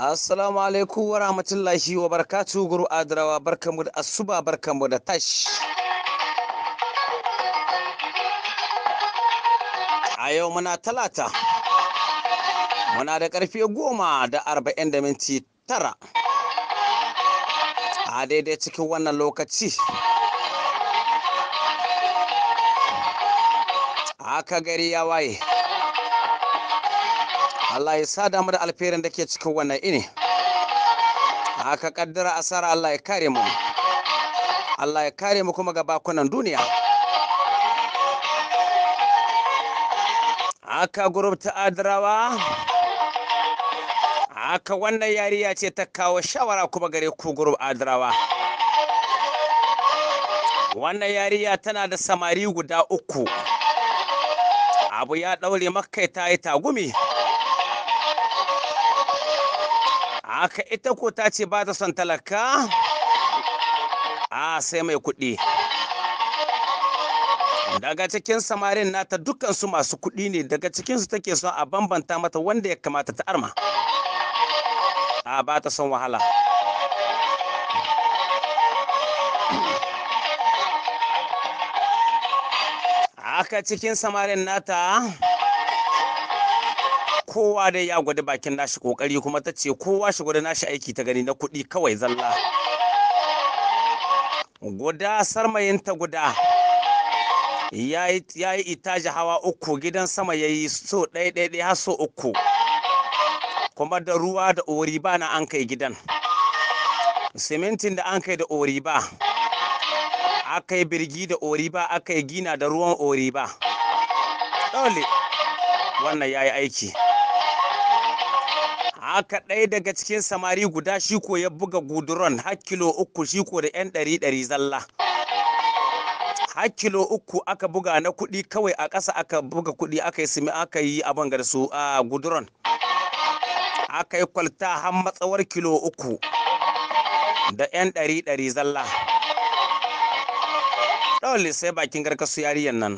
Assalamu alaikum wa rahmatullahi wa barakatu guru Adrawa barkamu da asuba barkamu da tash. A yau muna talata. Muna da karfe goma da arba'in da minti tara. A daidai cikin wannan lokaci. Haka gari ya waye. Allah ya sa damu da alferin da ke cikin wannan ini aka kaddara asara Allah ya kare mu Allah ya kare mu kuma ga bakunan duniya aka gurubta adarawa aka wannan yariya ce ta kawo shawara kuma gare ku gurub adarawa wannan yariya tana da samari guda uku abu ya ɗaure makai ta yi tagumi aka ita ko ta ce ba ta son talaka a sai mai kuɗi daga cikin samarin nata dukansu masu kuɗi ne daga cikinsu take son a bambanta mata wanda ya kamata ta arma a ba ta son wahala aka cikin samarin nata kowa dai ya gwada bakin nashi kokari kuma ta ce kowa shi gwada nashi aiki ta gani na kuɗi kawai zalla guda sarmayinta guda ya yi itaji hawa uku gidan sama ya yi so ɗaya ɗaya har so uku kuma da ruwa da oriba na an kai gidan simintin da an kai da ori oriba aka yi birgi da ori oriba aka yi gina da ruwan ori ba, dole wannan ya yi aiki haka ɗaya daga cikin samari guda shi ko ya buga guduron har kilo uku shi ko da 'yan ɗari ɗari zalla har kilo uku aka buga na kuɗi kawai a ƙasa aka buga kuɗi aka yi simi aka yi abin da su a guduron aka yi kwalta har matsawar kilo uku da 'yan ɗari ɗari zalla dole sai bakin garkasu yariyan nan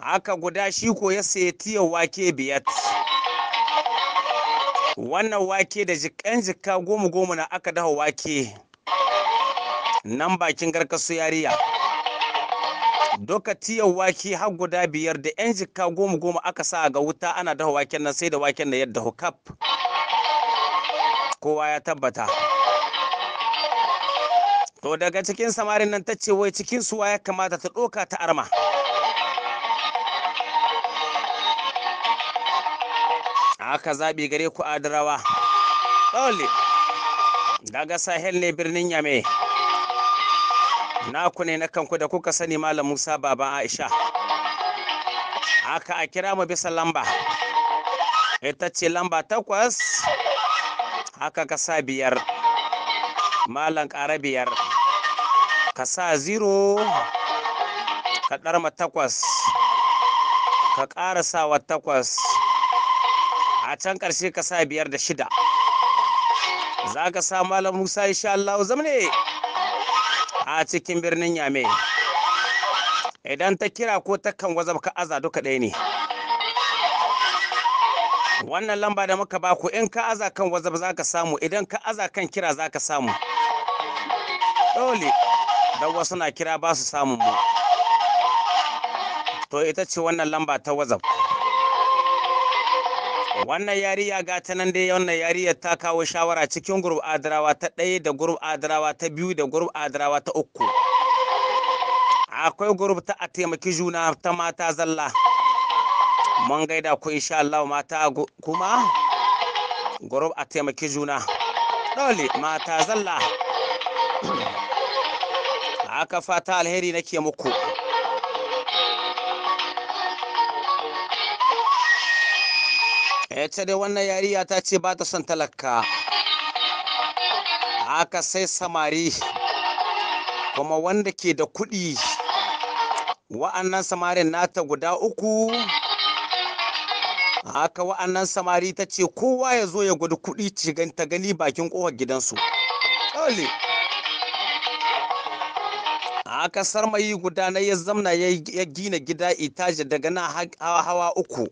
haka guda shi ko ya sayi tiyan wake biyat wannan wake da jikan jika goma goma na aka dafa wake nan bakin garkasu yariya doka tiyan wake har guda biyar da yan jika goma goma aka sa ga wuta ana dafa waken nan sai da waken da yadda hukaf kowa ya tabbata to daga cikin samarin nan ta ce wai cikin suwa ya kamata ta ɗoka ta arma aka zaɓi gare ku adarawa ɗole. daga sahel ne birnin yame naku ne na kanku da kuka sani malam musa baban aisha aka a kira mu bisa lamba ita ce lamba takwas Aka ka sa biyar malam ƙara biyar ka sa zero ka ɗarma takwas ka ƙara sawa takwas a can ƙarshe ka sa biyar da shida za ka sa malam musa insha Allah zamne a cikin birnin yame idan ta kira ko ta kan wazab ka aza duka ɗaya ne wannan lamba da muka baku in ka aza kan wazab za ka samu idan ka aza kan kira za ka samu dole don wasu na kira ba su samun mu to ita ce wannan lamba ta wazab wannan yariya ga ta nan dai wannan yariyar ta kawo shawara cikin gurb adarawa ta ɗaya da gurb adarawa ta biyu da gurb adarawa ta uku akwai gurb ta a taimaki juna ta mata zalla mun gaida ku insha Allah mata kuma gurb a taimaki juna dole mata zalla haka fata alheri nake muku ita dai wannan yariya ta ce ba ta son talaka haka sai samari kuma wanda ke da kuɗi wa'annan samarin nata guda uku haka wa'annan samari ta ce kowa ya zo ya gudu kuɗi cigan ta gani bakin ƙofar gidansu dole haka sarmayi guda na ya zamna ya gina gida itaje daga na hawa uku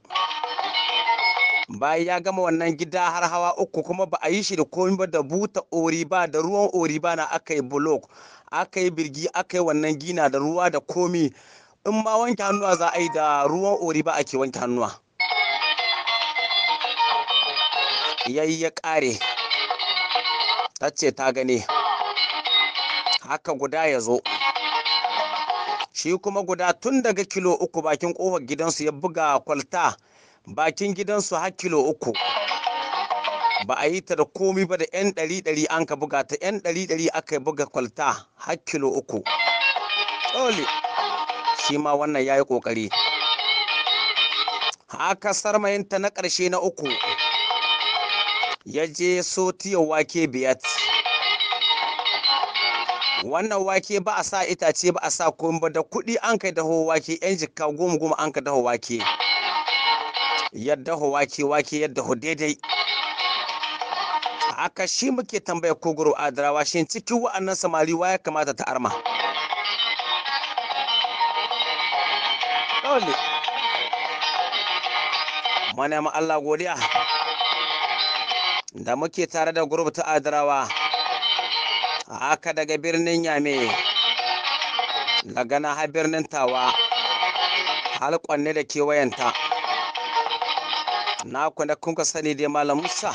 bayan ya gama wannan gida har hawa uku kuma ba a yi shi da komi ba da buta Ori ba da ruwan Ori ba na aka yi blok aka yi birgi aka yi wannan gina da ruwa da komi in ma wanke hannuwa za a yi da ruwan Ori ba ake wanke hannuwa yayi ya kare ta ce ta gane haka guda ya zo shi kuma guda tun daga kilo uku bakin kofar gidansu ya buga kwalta bakin gidansu har kilo uku ba a yi ta da komi ba da 'yan ɗari ɗari an ka buga ta 'yan ɗari ɗari aka buga kwalta har kilo uku tsole shi ma wannan ya yi ƙoƙari haka sarmayinta na ƙarshe na uku ya je sotiya wake biyat wannan wake ba a sa itace ba a sa komi ba da kuɗi an kai daho wake 'yan jikka goma goma an ka daho wake yadda ho wake wake yadda ho daidai haka shi muke tambaya ko goro adarawa shi cikin wa'annan samari ya kamata ta arma dole mana ma Allah godiya da muke tare da gurub ta adarawa haka daga birnin yame daga na birnin tawa ne da kewayenta na kuna kun ka sani dai malam Musa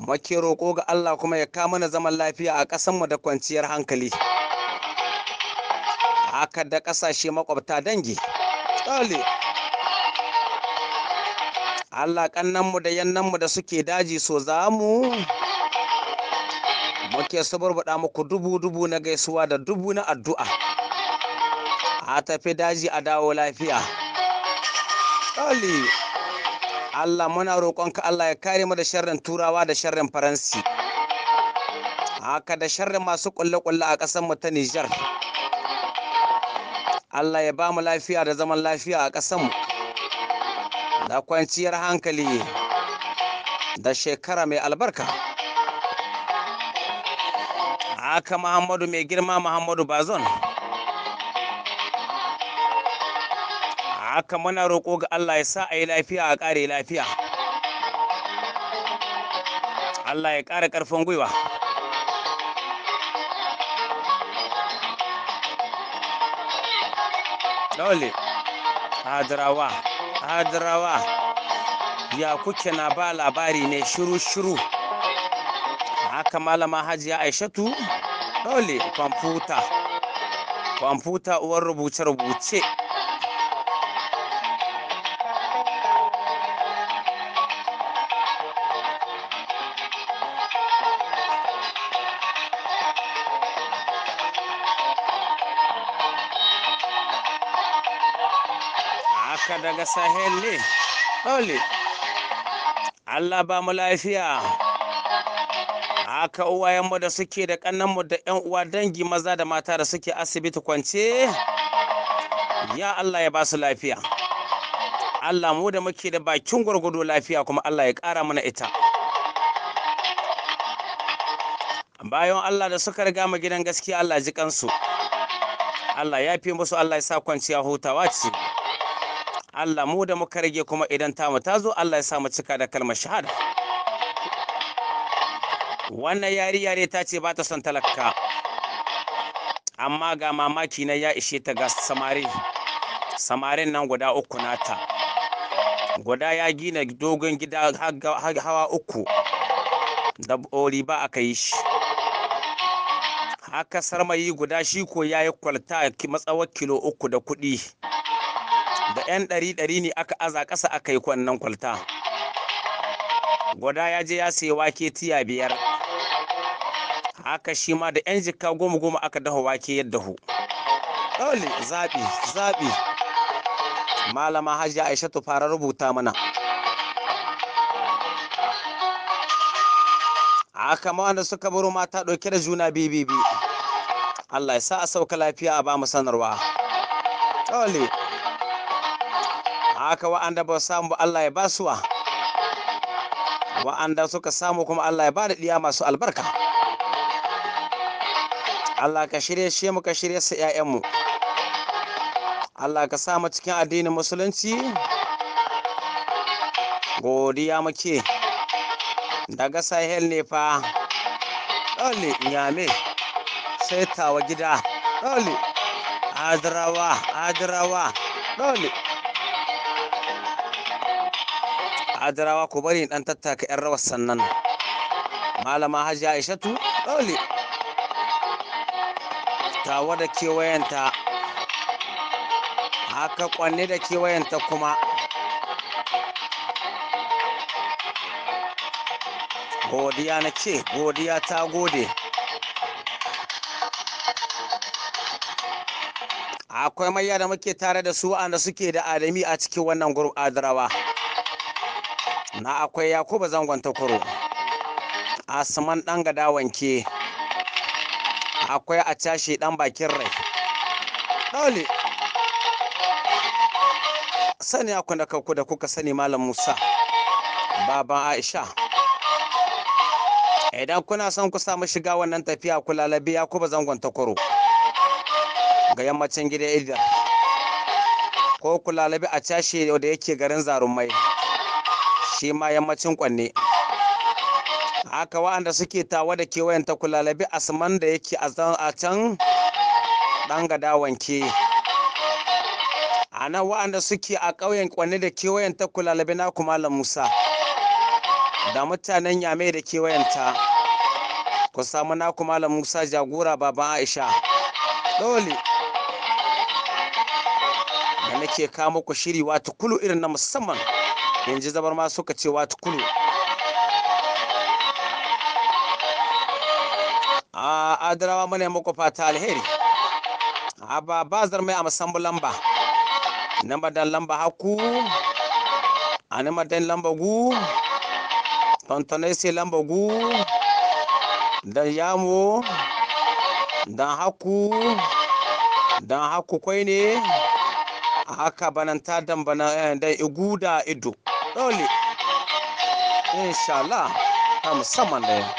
muke roƙo ga Allah kuma ya kama mana zaman lafiya a ƙasar mu da kwanciyar hankali haka da ƙasashe makwabta dangi dole Allah mu da yannan mu da suke daji so za mu muke suburbuɗa muku dubu-dubu na gaisuwa da dubu na addu'a a tafi daji a dawo lafiya. Ali. Allah muna roƙonka Allah ya kare mu da sharrin turawa da sharrin faransi haka da sharrin masu ƙulle kulle a ƙasar mu ta Nijar Allah ya ba mu lafiya da zaman lafiya a ƙasar mu da kwanciyar hankali da shekara mai albarka haka Muhammadu mai girma Muhammadu Bazon. haka muna roƙo ga Allah ya sa a yi lafiya a ƙare lafiya Allah ya ƙara ƙarfin gwiwa dole hadarawa hadarawa ya kuke na ba labari ne shiru-shiru haka malama hajiya aishatu dole kwamfuta kwamfuta uwar rubuce-rubuce ka daga sahel ne ole allah ba mu lafiya haka uwayenmu da suke da kannanmu da yan uwa dangi maza da mata da suke asibiti kwance ya allah ya ba su lafiya allah mu da muke da bakin gwargwado lafiya kuma allah ya ƙara mana ita bayan allah da suka riga mu gidan gaskiya allah ji kansu Allah ya fi musu Allah ya sa kwanciya hutawa ce. Allah mu da muka rage kuma idan ta tamu ta zo Allah ya samu cika da kalmar shahada wannan yari yare ta ce ba ta son talaka amma ga mamaki na ya ishe ta ga samari samarin nan guda uku nata guda ya gina dogon gida hawa uku da bori ba aka yi shi haka sarmayi guda shi ko ya yi kwalta matsawar kilo uku da kuɗi da 'yan ɗari ɗari ne aka aza ƙasa aka yi kwannan kwalta gwada ya je ya sayi wake tiya biyar haka shi ma da 'yan jikka goma goma aka dafa wake yadda hu dole zaɓi zaɓi malama hajji aisha fara rubuta mana haka ma wanda suka baro mata ɗauke da juna biyu biyu Allah ya sa a sauka lafiya a ba mu sanarwa. Dole. haka wa'anda ba samu ba Allah ya ba suwa wa'anda suka samu kuma Allah ya ba da ɗiya masu albarka Allah ka shirye shi mu ka shirye su ‘ya'yanmu Allah ka sa mu cikin addinin musulunci godiya muke daga sahel ne fa dole nyame sai tawa gida dole adrawa adrawa dole adarawa ku bari dan tattaka yan rawar sannan malama hajji aishatu dole tawa da kewayenta haka kwanne da kewayenta kuma godiya na ce godiya ta gode akwai mayya da muke tare da su wa'anda suke da adami a cikin wannan gurb adarawa. na akwai yakubu zangon takoro asman dan gada wanke akwai a cashe dan bakin rai dole sani akwai da kanku da kuka sani malam musa baban aisha idan kuna son ku samu shiga wannan tafiya ku lalabi yakubu zangon takwaro. ga yammacin gida idan. ko ku lalabi a cashe da yake garin zarumai shi ma yammacin kwanne haka wa'anda suke tawa da kewayen ta kulalabi asman da yake a can ɗan gada wanke a nan wa'anda suke a ƙauyen kwanne da kewayen ta kulalabi na kumalan musa da mutanen yame da kewayenta ku samu na kumalan musa jagora baban aisha dole da nake kawo muku shiri wata kulu irin na musamman yanzu zabar ma suka ce wata kulu a adarawa mana muku fata alheri a ba ba mai a musamman lamba na madan lamba haku a na madan lamba gu tontonai sai lamba gu dan yamo dan haku dan haku kwai ne haka bananta dan bana eh, dan igu da ido Only. Inshallah. I'm a someone there.